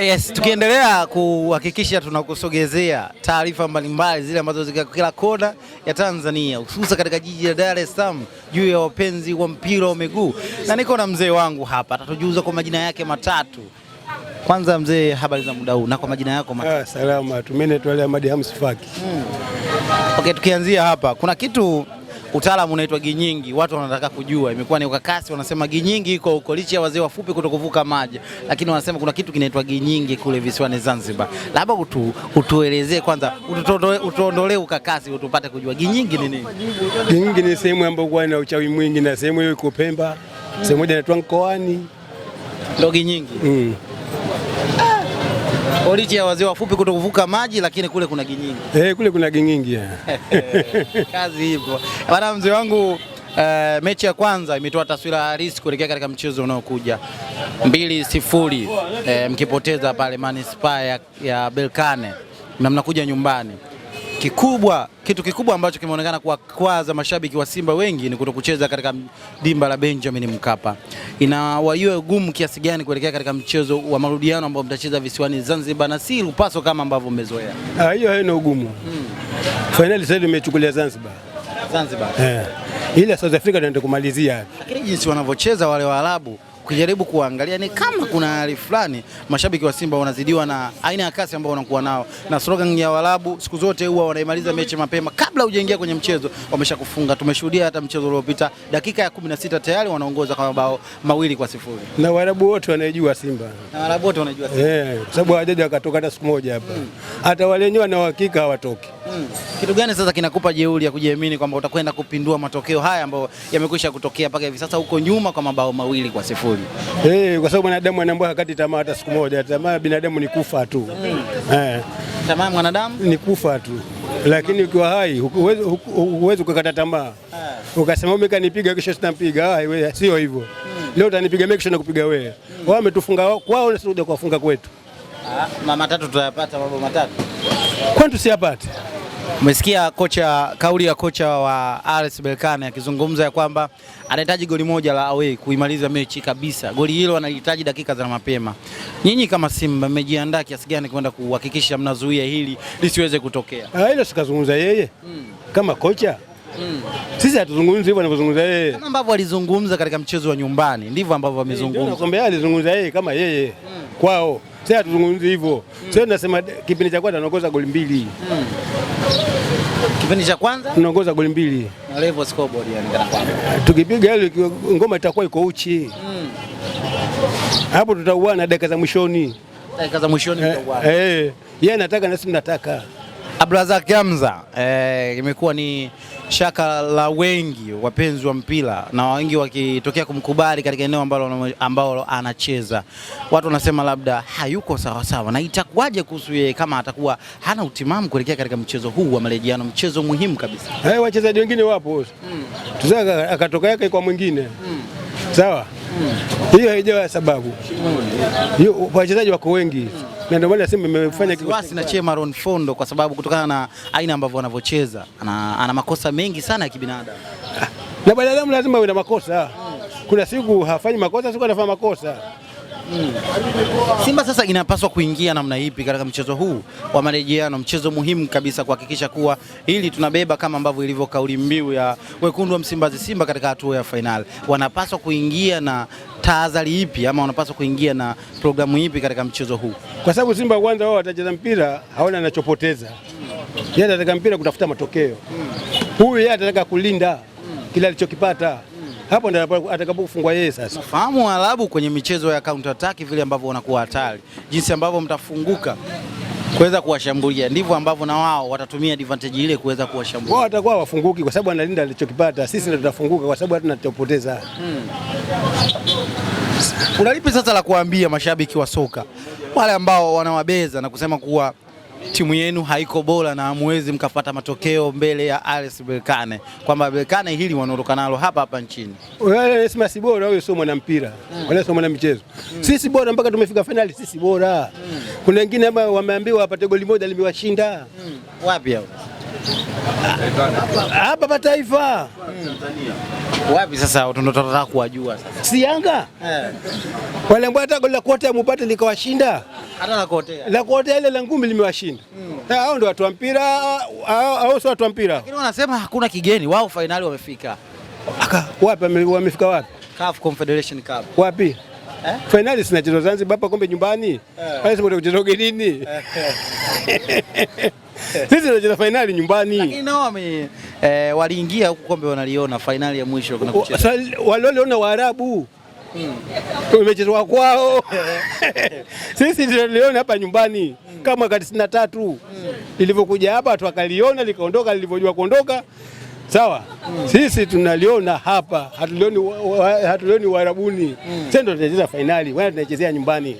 yes, tukiendelea kuhakikisha tunakusogezea taarifa mbalimbali zile ambazo zika kila kona ya Tanzania, hususa katika jiji la Dar es Salaam juu ya wapenzi wa mpira wa miguu, na niko na mzee wangu hapa atatujuza kwa majina yake matatu. Kwanza mzee, habari za muda huu na kwa majina yako matatu? Ah, salama. Mimi naitwa Ahmad Hamsi Faki. Hmm. Okay, tukianzia hapa kuna kitu utaalamu unaitwa Ginyingi, watu wanataka kujua, imekuwa ni ukakasi, wanasema Ginyingi iko huko, licha ya wazee wafupi kutokuvuka maji, lakini wanasema kuna kitu kinaitwa Ginyingi kule visiwani Zanzibar. Labda utu, utuelezee kwanza, utuondolee ukakasi, utupate kujua Ginyingi ni nini? Ginyingi ni sehemu ambayo kwa na uchawi mwingi, na sehemu hiyo iko Pemba, sehemu moja inaitwa Mkoani, ndo Ginyingi mm. Ah, Oliti ya wazee wafupi kuto kuvuka maji, lakini kule kuna ginyingi eh, kule kuna kinyingi eh. kazi ipo bana, mzee wangu. Uh, mechi ya kwanza imetoa taswira halisi kuelekea katika mchezo unaokuja mbili sifuri, uh, mkipoteza pale manispaa ya, ya Berkane na mnakuja nyumbani Kikubwa, kitu kikubwa ambacho kimeonekana kuwakwaza mashabiki wa Simba wengi ni kutokucheza katika dimba la Benjamin Mkapa. Inawaiwe gumu kiasi gani kuelekea katika mchezo wa marudiano ambao mtacheza visiwani Zanzibar na si Lupaso kama ambavyo umezoea? Ah, hiyo haina ugumu. Hmm. Finali sasa imechukulia Zanzibar. Zanzibar. Eh. Ila South Africa ndio kumalizia. Lakini jinsi wanavyocheza wale Waarabu ukijaribu kuangalia ni kama kuna hali fulani mashabiki wa Simba wanazidiwa na aina ya kasi ambao wanakuwa nao, na slogan ya Waarabu siku zote huwa wanaimaliza mechi mapema kabla hujaingia kwenye mchezo, wameshakufunga. Tumeshuhudia hata mchezo uliopita, dakika ya 16 tayari wanaongoza kwa mabao mawili kwa sifuri, na Waarabu wote wanaijua Simba, na Waarabu wote wanaijua Simba eh, kwa sababu hawajaja wakatoka hata siku moja hapa, hmm. hata wale wenyewe na uhakika hawatoki. Hmm. Kitu gani sasa kinakupa jeuri ya kujiamini kwamba utakwenda kupindua matokeo haya ambayo yamekwisha kutokea mpaka hivi sasa, huko nyuma kwa mabao mawili kwa sifuri? kweli eh, kwa sababu mwanadamu anaambia hakati tamaa hata siku moja. Tamaa binadamu ni kufa tu eh, tamaa mwanadamu ni kufa tu, lakini ukiwa hai huwezi kukata tamaa ah. ukasema mimi kanipiga kisha sitampiga. Ah, sio hivyo, hmm. leo utanipiga mimi kisha nakupiga wewe. Hmm. Wao wametufunga kwao, sisi kuja kuwafunga kwetu. Mama ah, tatu tutayapata, mambo matatu, kwani tusiyapate? Umesikia kocha, kauli ya kocha wa RS Berkane akizungumza ya kwamba anahitaji goli moja la away kuimaliza mechi kabisa. Goli hilo analihitaji dakika za mapema. Nyinyi kama Simba mmejiandaa kiasi gani kwenda kuhakikisha mnazuia hili lisiweze kutokea? Ah, hilo sikazungumza yeye mm. kama kocha mm. sisi hatuzungumzi hivyo anavyozungumza yeye. Kama ambavyo alizungumza katika mchezo wa nyumbani ndivyo ambavyo eh, amezungumza. Nakwambia alizungumza yeye kama yeye mm. kwao. sisi hatuzungumzi hivyo mm. sisi tunasema kipindi cha kwanza anaongoza goli mbili mm. Kipindi cha kwanza tunaongoza goli mbili na level scoreboard yani. Tukipiga ile ngoma itakuwa iko uchi hmm. hapo, tutauana dakika za mwishoni, dakika za mwishoni eh, tutauana. Eh, yeye anataka na sisi tunataka. Abdulrazak Hamza eh, imekuwa ni shaka la wengi wapenzi wa mpira na wengi wakitokea kumkubali katika eneo ambalo ambalo anacheza, watu wanasema labda hayuko sawasawa sawa. Na itakuwaje kuhusu yeye kama atakuwa hana utimamu kuelekea katika mchezo huu wa marejeano, mchezo muhimu kabisa? Hey, eh, wachezaji wengine wapo mm. Tuza akatoka yake kwa mwingine mm. Sawa hmm. hiyo haijawa sababu hmm. hiyo mm. wachezaji wako wengi mm na ndio maana nasema imefanya na Che Maron Fondo, kwa sababu kutokana na aina ambavyo anavyocheza ana, ana makosa mengi sana ya kibinadamu na binadamu lazima uwe na makosa. Kuna siku hafanyi makosa, siku anafanya makosa mm. Simba sasa inapaswa kuingia namna ipi katika mchezo huu wa marejeano, mchezo muhimu kabisa kuhakikisha kuwa hili tunabeba kama ambavyo ilivyo kauli mbiu ya wekundu wa Msimbazi Simba katika hatua ya fainali, wanapaswa kuingia na tahadhari ipi ama wanapaswa kuingia na programu ipi katika mchezo huu? Kwa sababu Simba kwanza wao watacheza mpira, hawana anachopoteza yeye, anataka mpira kutafuta matokeo. Mm. Huyu yeye anataka kulinda kile alichokipata hapo ndipo atakapofungwa yeye sasa. Fahamu Waarabu kwenye michezo ya counter attack vile ambavyo wanakuwa hatari, jinsi ambavyo mtafunguka kuweza kuwashambulia ndivyo ambavyo na wao watatumia advantage ile kuweza kuwashambulia. Wao watakuwa wafunguki kwa sababu analinda alichokipata, sisi ndio tutafunguka kwa sababu hatuna tutapoteza. Hmm. Unalipi sasa la kuambia mashabiki wa soka wale ambao wanawabeza na kusema kuwa timu yenu haiko bora na hamwezi mkapata matokeo mbele ya RS Berkane, kwamba Berkane hili wanaondoka nalo hapa hapa nchini. Yaani Sema si bora wewe sio mwana mpira hmm. wewe sio mwana michezo. Hmm. Sisi bora mpaka tumefika finali, sisi bora. Hmm. Kuna wengine wameambiwa wapate goli moja limewashinda. Wapi hao? hapa pataifa wapi sasa? Tunataka kuwajua sasa, si Yanga walembwa hata goli la kuotea mupate likawashinda, hata la kuotea la kuotea ile la ngumi limewashinda. Hmm. Hao ndio watu wa mpira au sio? Watu wa mpira, lakini wanasema hakuna kigeni wao, fainali wamefika. Wapi wamefika wapi? CAF Confederation Cup wapi? Eh? sina zinachezwa Zanzibar hapa, kombe nyumbani. Pale eh. sema utakucheza ugenini. Eh. Sisi tunacheza fainali nyumbani. Lakini nao wame eh, waliingia huko kombe wanaliona fainali ya mwisho kuna kucheza. Waliona Waarabu. Hmm. Imechezwa kwao. Sisi tunaliona hapa nyumbani hmm. Kama mwaka tisini na tatu hmm. Lilivyokuja hapa watu wakaliona likaondoka, lilivyojua kuondoka sawa hmm. Sisi tunaliona hapa, hatulioni Waarabuni. Hmm. Sisi ndo tunacheza fainali, wana tunachezea nyumbani.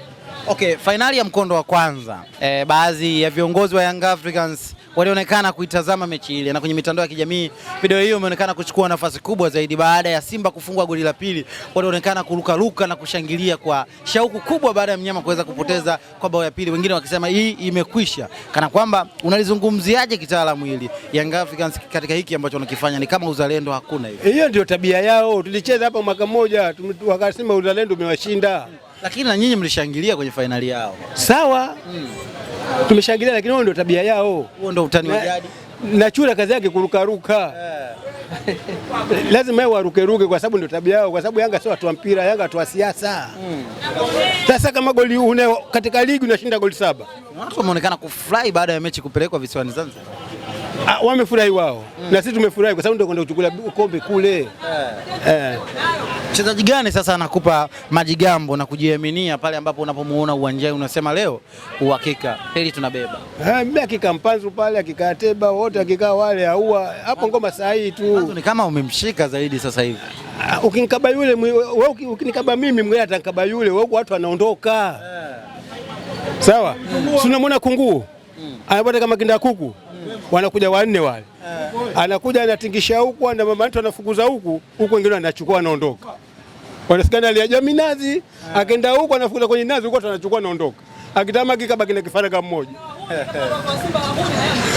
Okay, fainali ya mkondo wa kwanza e, baadhi ya viongozi wa Young Africans walionekana kuitazama mechi ile na kwenye mitandao ya kijamii video hiyo imeonekana kuchukua nafasi kubwa zaidi baada ya Simba kufungwa goli la pili. Walionekana kurukaruka na kushangilia kwa shauku kubwa baada ya mnyama kuweza kupoteza kwa bao ya pili, wengine wakisema hii imekwisha. Kana kwamba unalizungumziaje kitaalamu hili Young Africans katika hiki ambacho wanakifanya? Ni kama uzalendo hakuna hivi. Hiyo ndio tabia yao. Tulicheza hapa mwaka mmoja, wakasema uzalendo umewashinda. Lakini na nyinyi mlishangilia kwenye fainali yao. Sawa, mm. Tumeshangilia, lakini wao ndio tabia yao, huo ndio utani wa jadi na chura kazi yake kurukaruka eh. lazima warukeruke kwa sababu ndio tabia yao, kwa sababu Yanga sio watu wa mpira, Yanga watu wa siasa. Hmm. Sasa mm. kama goli une katika ligi unashinda goli saba, watu wameonekana kufurahi baada ya mechi kupelekwa visiwani Zanzibar. Ah, wamefurahi wao mm. na sisi tumefurahi kwa sababu ndio kwenda kuchukua kombe kule yeah. Yeah. Mchezaji gani sasa anakupa majigambo na kujiaminia pale ambapo unapomuona uwanjani unasema leo uhakika hili tunabeba? Eh, mimi akikaa Mpanzu pale, akikaa ateba wote, akikaa wale aua hapo ngoma sahihi tu. Ni kama umemshika zaidi sasa hivi. Ah, ukinikaba yule wewe, ukinikaba mimi mgeni atanikaba yule wewe, watu wanaondoka. Yeah. Sawa? Mm. Si unamwona kunguu? Mm. Anapata kama kinda kuku. Mm. Wanakuja wanne wale. Yeah. Anakuja anatingisha huku na mama mtu anafukuza huku huku, wengine anachukua anaondoka. Wanasikana aliaja minazi, akenda huko anafuta kwenye nazi huko anachukua naondoka. Akitamaki kabaki na kifaranga mmoja.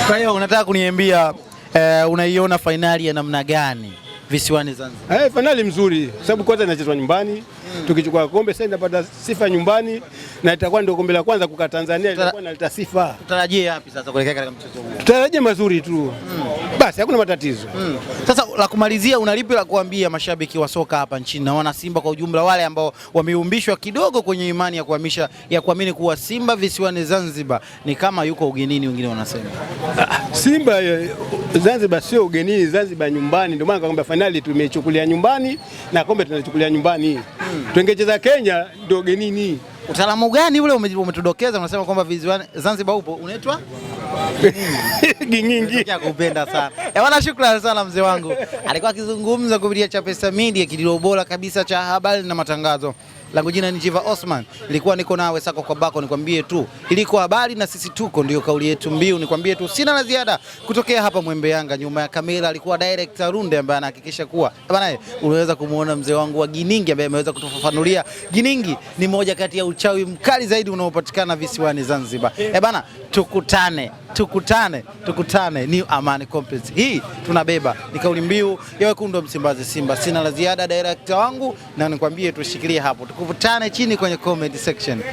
Kwa hiyo unataka kuniambia eh, unaiona fainali ya namna gani visiwani Zanzibar? Eh, fainali mzuri sababu kwanza inachezwa nyumbani hmm. Tukichukua kombe sasa inapata sifa nyumbani na itakuwa ndio kombe la kwanza kwa Tanzania litakuwa inaleta sifa. Tutarajie yapi sasa kuelekea katika mchezo huu? Tutarajie mazuri tu hmm basi hakuna matatizo mm. Sasa la kumalizia, unalipi la kuambia mashabiki wa soka hapa nchini na wana Simba kwa ujumla, wale ambao wameumbishwa kidogo kwenye imani ya kuhamisha ya kuamini kuwa Simba visiwani Zanzibar ni kama yuko ugenini, wengine wanasema ah, Simba eh, Zanzibar sio ugenini, Zanzibar nyumbani. Ndio maana kwamba fainali tumechukulia nyumbani na kombe tunachukulia nyumbani mm. Tungecheza Kenya ndio ugenini. Utaalamu gani ule umetudokeza, unasema kwamba visiwani Zanzibar upo unaitwa Gingingi kupenda sana wana Shukrani sana mzee wangu, alikuwa akizungumza kupitia Chapesa Media, kilio bora kabisa cha habari na matangazo. Langu jina ni Jiva Osman, nilikuwa niko nawe sako kwa bako, nikwambie tu iliko habari na sisi tuko, ndio kauli yetu mbiu. Nikwambie tu sina la ziada kutokea hapa Mwembe Yanga. Nyuma ya kamera alikuwa director Runde ambaye anahakikisha kuwa bwana, eh, unaweza kumuona mzee wangu wa Giningi ambaye ameweza kutufafanulia. Giningi ni moja kati ya uchawi mkali zaidi unaopatikana visiwani Zanzibar. Eh bana, tukutane tukutane, tukutane New Amani Complex. Hii tunabeba ni kauli mbiu ya wekundu wa Msimbazi Simba. Sina la ziada, director wangu, na nikwambie tushikilie hapo, tukutane chini kwenye comment section.